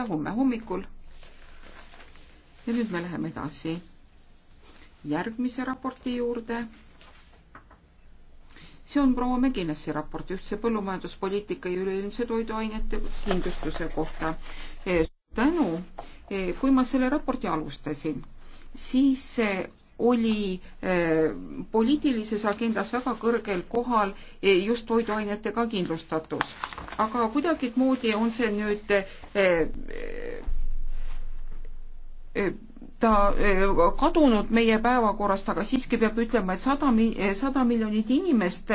hääletusele homme hommikul. ja nüüd me läheme edasi järgmise raporti juurde. see on proua Meginesi raport ühtse põllumajanduspoliitika ja üleilmse toiduainete kindlustuse kohta. tänu, kui ma selle raporti alustasin, siis oli eh, poliitilises agendas väga kõrgel kohal eh, just toiduainetega kindlustatus. aga kuidagimoodi on see nüüd eh, ta kadunud meie päevakorrast, aga siiski peab ütlema, et sada, sada miljonit inimest,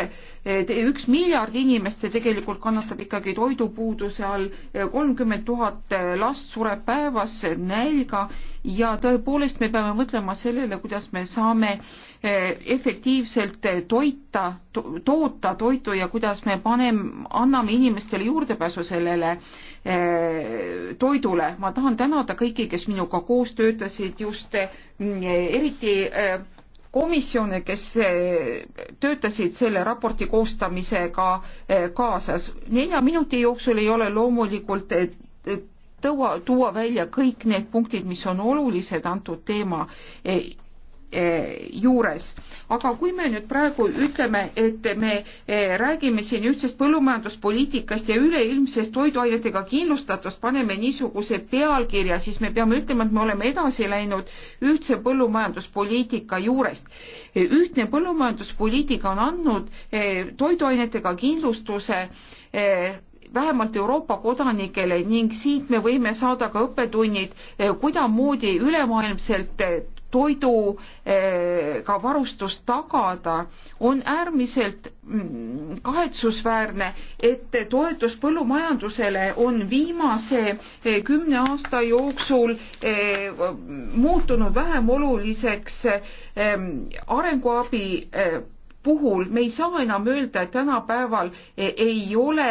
üks miljard inimest tegelikult kannatab ikkagi toidupuuduse all, kolmkümmend tuhat last sureb päevas nälga ja tõepoolest me peame mõtlema sellele, kuidas me saame eh, efektiivselt eh, toita to,, toota toitu ja kuidas me paneme, anname inimestele juurdepääsu sellele eh, toidule. ma tahan tänada kõiki, kes minuga koos töötasid just eriti komisjone, kes töötasid selle raporti koostamisega kaasas. nelja minuti jooksul ei ole loomulikult tõua, tuua välja kõik need punktid, mis on olulised antud teema e, e, juures. aga kui me nüüd praegu ütleme, et me e, räägime siin ühtsest põllumajanduspoliitikast ja üleilmsest toiduainetega kindlustatust, paneme niisuguse pealkirja, siis me peame ütlema, et me oleme edasi läinud ühtse põllumajanduspoliitika juurest. ühtne põllumajanduspoliitika on andnud toiduainetega kindlustuse vähemalt Euroopa kodanikele ning siit me võime saada ka õppetunnid, eh, kuidasmoodi ülemaailmselt eh, toiduga eh, varustust tagada, on äärmiselt mm, kahetsusväärne, et toetus põllumajandusele on viimase kümne aasta jooksul muutunud vähem oluliseks arenguabi puhul me ei saa enam öelda, et tänapäeval eh, ei ole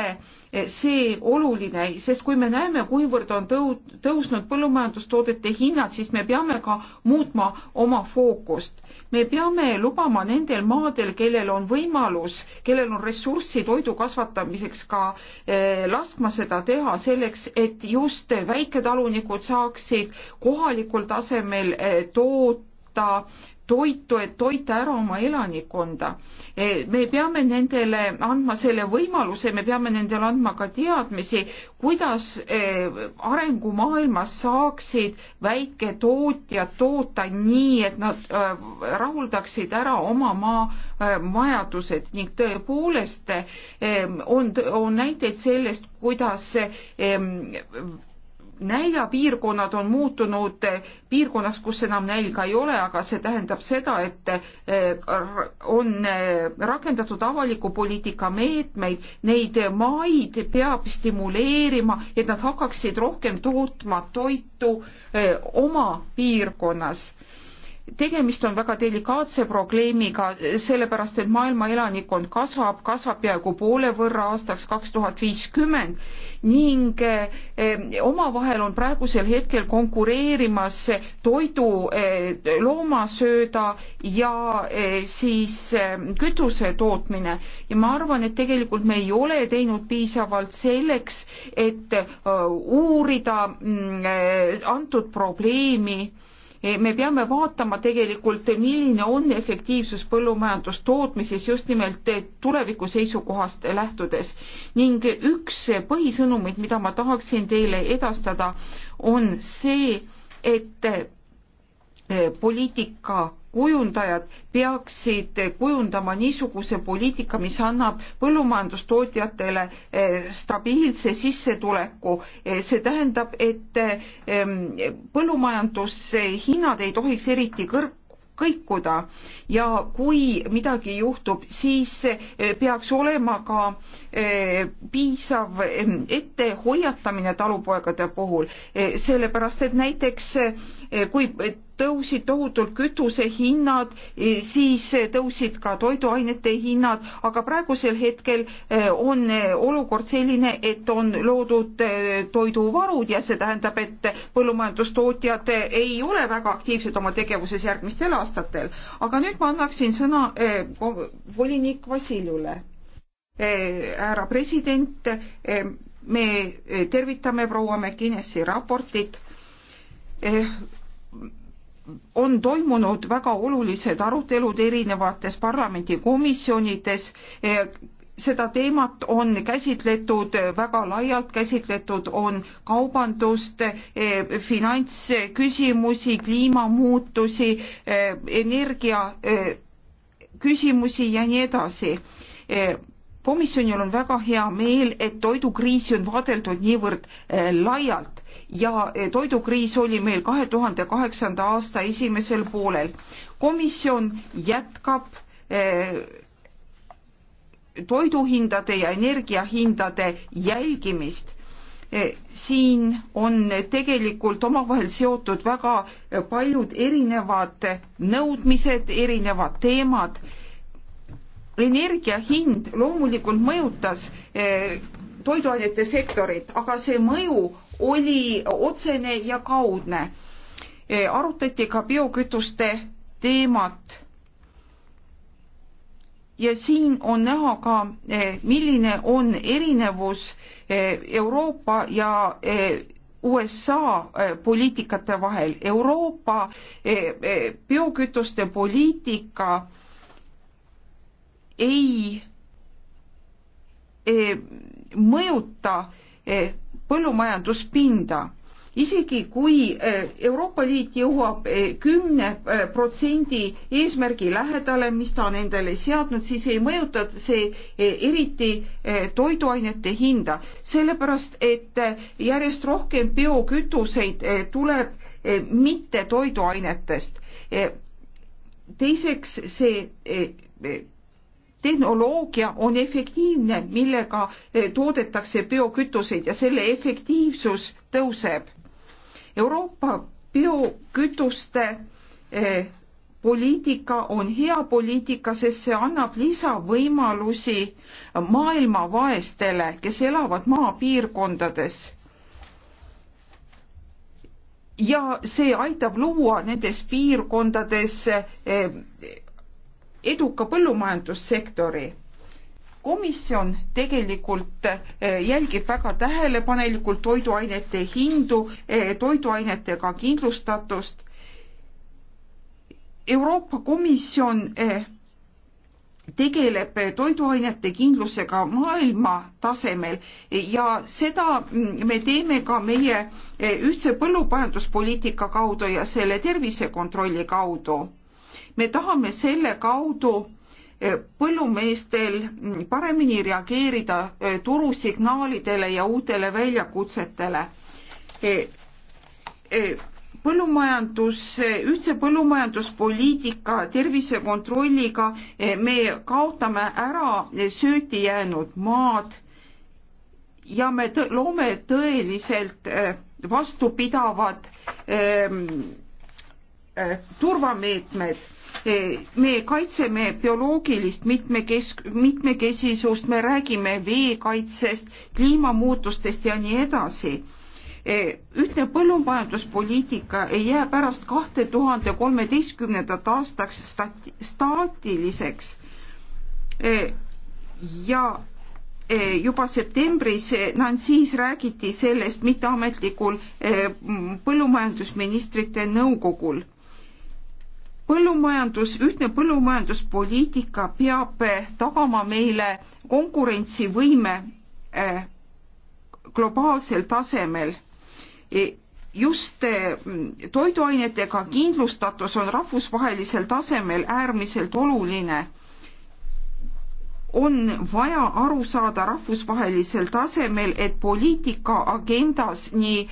eh, see oluline, sest kui me näeme, kuivõrd on tõu-, tõusnud põllumajandustoodete hinnad, siis me peame ka muutma oma fookust. me peame lubama nendel maadel, kellel on võimalus, kellel on ressurssi toidu kasvatamiseks ka eh, laskma seda teha selleks, et just väiketalunikud saaksid kohalikul tasemel eh, toota toitu, et toita ära oma elanikkonda. E, me peame nendele andma selle võimaluse, me peame nendele andma ka teadmisi, kuidas e, arengumaailmas saaksid väiketootjad toota nii, et nad e, rahuldaksid ära oma maa vajadused ning tõepoolest on, on näiteid sellest, kuidas näljapiirkonnad on muutunud piirkonnaks, kus enam nälga ei ole, aga see tähendab seda, et eh, on eh, rakendatud avaliku poliitika meetmeid, neid maid peab stimuleerima, et nad hakkaksid rohkem tootma toitu eh, oma piirkonnas tegemist on väga delikaatse probleemiga, sellepärast et maailma elanikkond kasvab, kasvab peaaegu poole võrra aastaks kaks tuhat viiskümmend ning eh, omavahel on praegusel hetkel konkureerimas toidu, eh, loomasööda ja eh, siis kütuse tootmine ja ma arvan, et tegelikult me ei ole teinud piisavalt selleks, et uurida mm, antud probleemi E, me peame vaatama tegelikult, milline on efektiivsus põllumajandustootmises just nimelt eh, tuleviku seisukohast lähtudes. ning üks põhisõnumeid, mida ma tahaksin teile edastada, on see, et eh, poliitika kujundajad peaksid kujundama niisuguse poliitika, mis annab põllumajandustootjatele eh, stabiilse sissetuleku. Eh, see tähendab, et eh, põllumajandushinnad ei tohiks eriti kõrg-, kõikuda ja kui midagi juhtub, siis peaks olema ka piisav ettehoiatamine talupoegade puhul, sellepärast et näiteks Eh, kui tõusid tohutult kütusehinnad, eh, siis eh, tõusid ka toiduainete hinnad, aga praegusel hetkel on olukord selline, et on loodud toiduvarud ja see tähendab, et põllumajandustootjad ei ole väga aktiivsed oma tegevuses järgmistel aastatel. aga nüüd ma annaksin sõna volinik Vassiljule. härra president, me tervitame proua McInnesi raportit on toimunud väga olulised arutelud erinevates parlamendikomisjonides. Eh, seda teemat on käsitletud väga laialt, käsitletud on kaubandust, eh, finantsküsimusi, kliimamuutusi, eh, energia küsimusi ja nii edasi. komisjonil on väga hea meel, et toidukriisi on vaadeldud niivõrd laialt ja eh, toidukriis oli meil kahe tuhande kaheksanda aasta esimesel poolel. komisjon jätkab eh, toiduhindade ja energiahindade jälgimist. Eh, siin on tegelikult omavahel seotud väga paljud erinevad nõudmised, erinevad teemad. energia hind loomulikult mõjutas toiduainete sektorit, aga see mõju oli otsene ja kaudne. E, arutati ka biokütuste teemat. ja siin on näha ka, e, milline on erinevus e, Euroopa ja USA poliitikate vahel. Euroopa biokütuste poliitika ei mõjuta põllumajanduspinda isegi kui e, Euroopa Liit jõuab e, kümne e, protsendi eesmärgi lähedale, mis ta on endale seadnud, siis ei mõjuta see eriti toiduainete hinda, sellepärast et järjest rohkem biokütuseid tuleb mitte toiduainetest. teiseks see tehnoloogia on efektiivne, millega eh, toodetakse biokütuseid ja selle efektiivsus tõuseb. Euroopa biokütuste eh, poliitika on hea poliitika, sest see annab lisavõimalusi maailma vaestele, kes elavad maapiirkondades. ja see aitab luua nendes piirkondades eh, eduka põllumajandussektori komisjon tegelikult eh, jälgib väga tähelepanelikult toiduainete hindu, eh, toiduainetega kindlustatust. Euroopa Komisjon eh, tegeleb toiduainete kindlusega maailma tasemel ja seda mm, me teeme ka meie ühtse põllumajanduspoliitika kaudu ja selle tervisekontrolli kaudu me tahame selle kaudu eh, põllumeestel paremini reageerida eh, turusignaalidele ja uutele väljakutsetele. Eh, põllumajandus, ühtse põllumajanduspoliitika tervisekontrolliga me kaotame ära sööti jäänud maad ja me tõ loome tõeliselt vastupidavad turvameetmed Eh, me kaitseme bioloogilist mitmekesk-, mitmekesisust, me räägime veekaitsest, kliimamuutustest ja nii edasi eh, ühtne põllumajanduspoliitika ei jää pärast kahte tuhande kolmeteistkümnendat aastaks stati-, staatiliseks eh, ja juba septembris Nansis räägiti sellest mitteametlikul põllumajandusministrite nõukogul põllumajandus, ühtne põllumajanduspoliitika peab eh, tagama meile konkurentsivõime eh, globaalsel tasemel. E, just eh, toiduainetega kindlustatus on rahvusvahelisel tasemel äärmiselt oluline. on vaja aru saada rahvusvahelisel tasemel, et poliitika agendas nii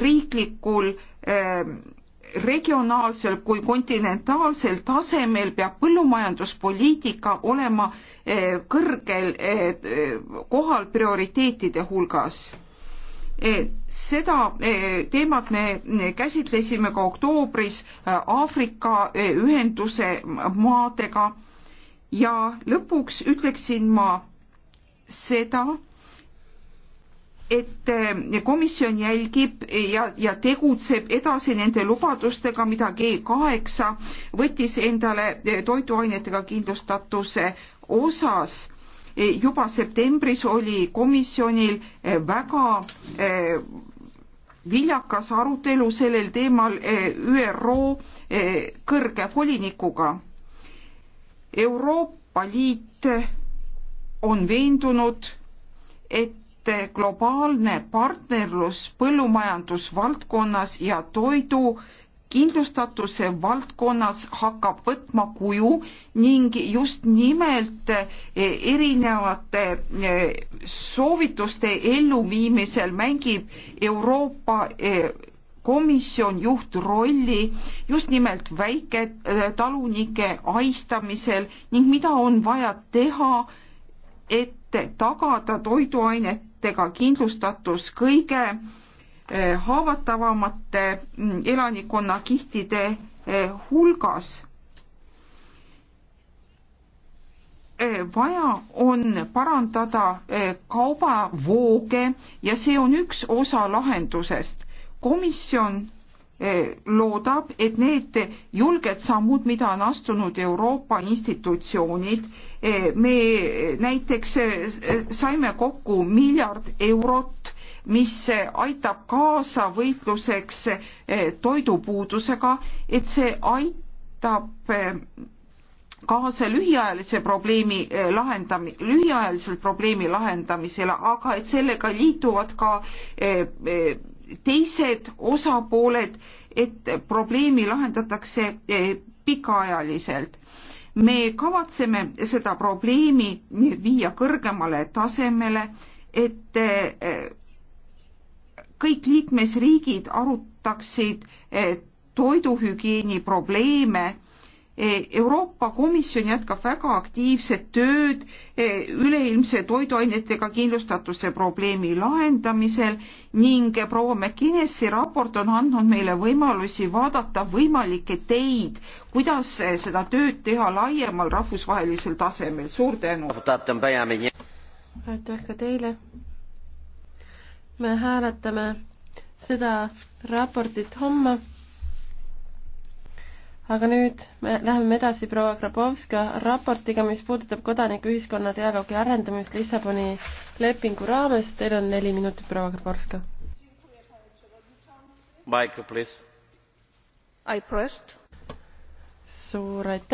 riiklikul regionaalsel kui kontinentaalsel tasemel peab põllumajanduspoliitika olema eh, kõrgel eh, kohal prioriteetide hulgas. Eh, seda teemat me käsitlesime ka oktoobris Aafrika ühenduse maadega ja lõpuks ütleksin ma seda, et eh, komisjon jälgib ja, ja tegutseb edasi nende lubadustega, mida G8 võttis endale eh, toiduainetega kindlustatuse osas. Eh, juba septembris oli komisjonil väga viljakas arutelu sellel teemal ÜRO kõrge volinikuga. Euroopa Liit on veendunud, et et globaalne partnerlus põllumajandusvaldkonnas ja toidu kindlustatuse valdkonnas hakkab võtma kuju ning just nimelt e, erinevate e, soovituste elluviimisel mängib Euroopa e, komisjon juhtrolli just nimelt väiketalunike aistamisel ning mida on vaja teha, et tagada toiduainete meetmetega kindlustatus kõige eh, haavatavamate mm, elanikkonnakihtide eh, hulgas. Eh, vaja on parandada kaubavooge ja see on üks osa lahendusest. komisjon Eh, loodab, et need julged sammud, mida on astunud Euroopa institutsioonid, eh, me näiteks eh, saime kokku miljard eurot, mis aitab kaasa võitluseks toidupuudusega, et see aitab kaasa lühiajalise probleemi lahendami-, lühiajaliselt probleemi lahendamisele, aga et sellega liituvad ka teised osapooled, et probleemi lahendatakse eh, pikaajaliselt. me kavatseme seda probleemi viia kõrgemale tasemele, et eh, kõik liikmesriigid arutaksid eh, toiduhügieeni probleeme Euroopa Komisjon jätkab väga aktiivset tööd eh, üleilmse toiduainetega kindlustatuse probleemi lahendamisel ning proua McKinnesi raport on andnud meile võimalusi vaadata võimalikke teid, kuidas eh, seda tööd teha laiemal rahvusvahelisel tasemel. suur tänu! aitäh ka teile! me hääletame seda raportit homme aga nüüd me läheme edasi proua Grabovska raportiga, mis puudutab kodanikuühiskonna dialoogi arendamist Lissaboni lepingu raames. Teil on neli minutit, proua Grabovska. suur aitäh.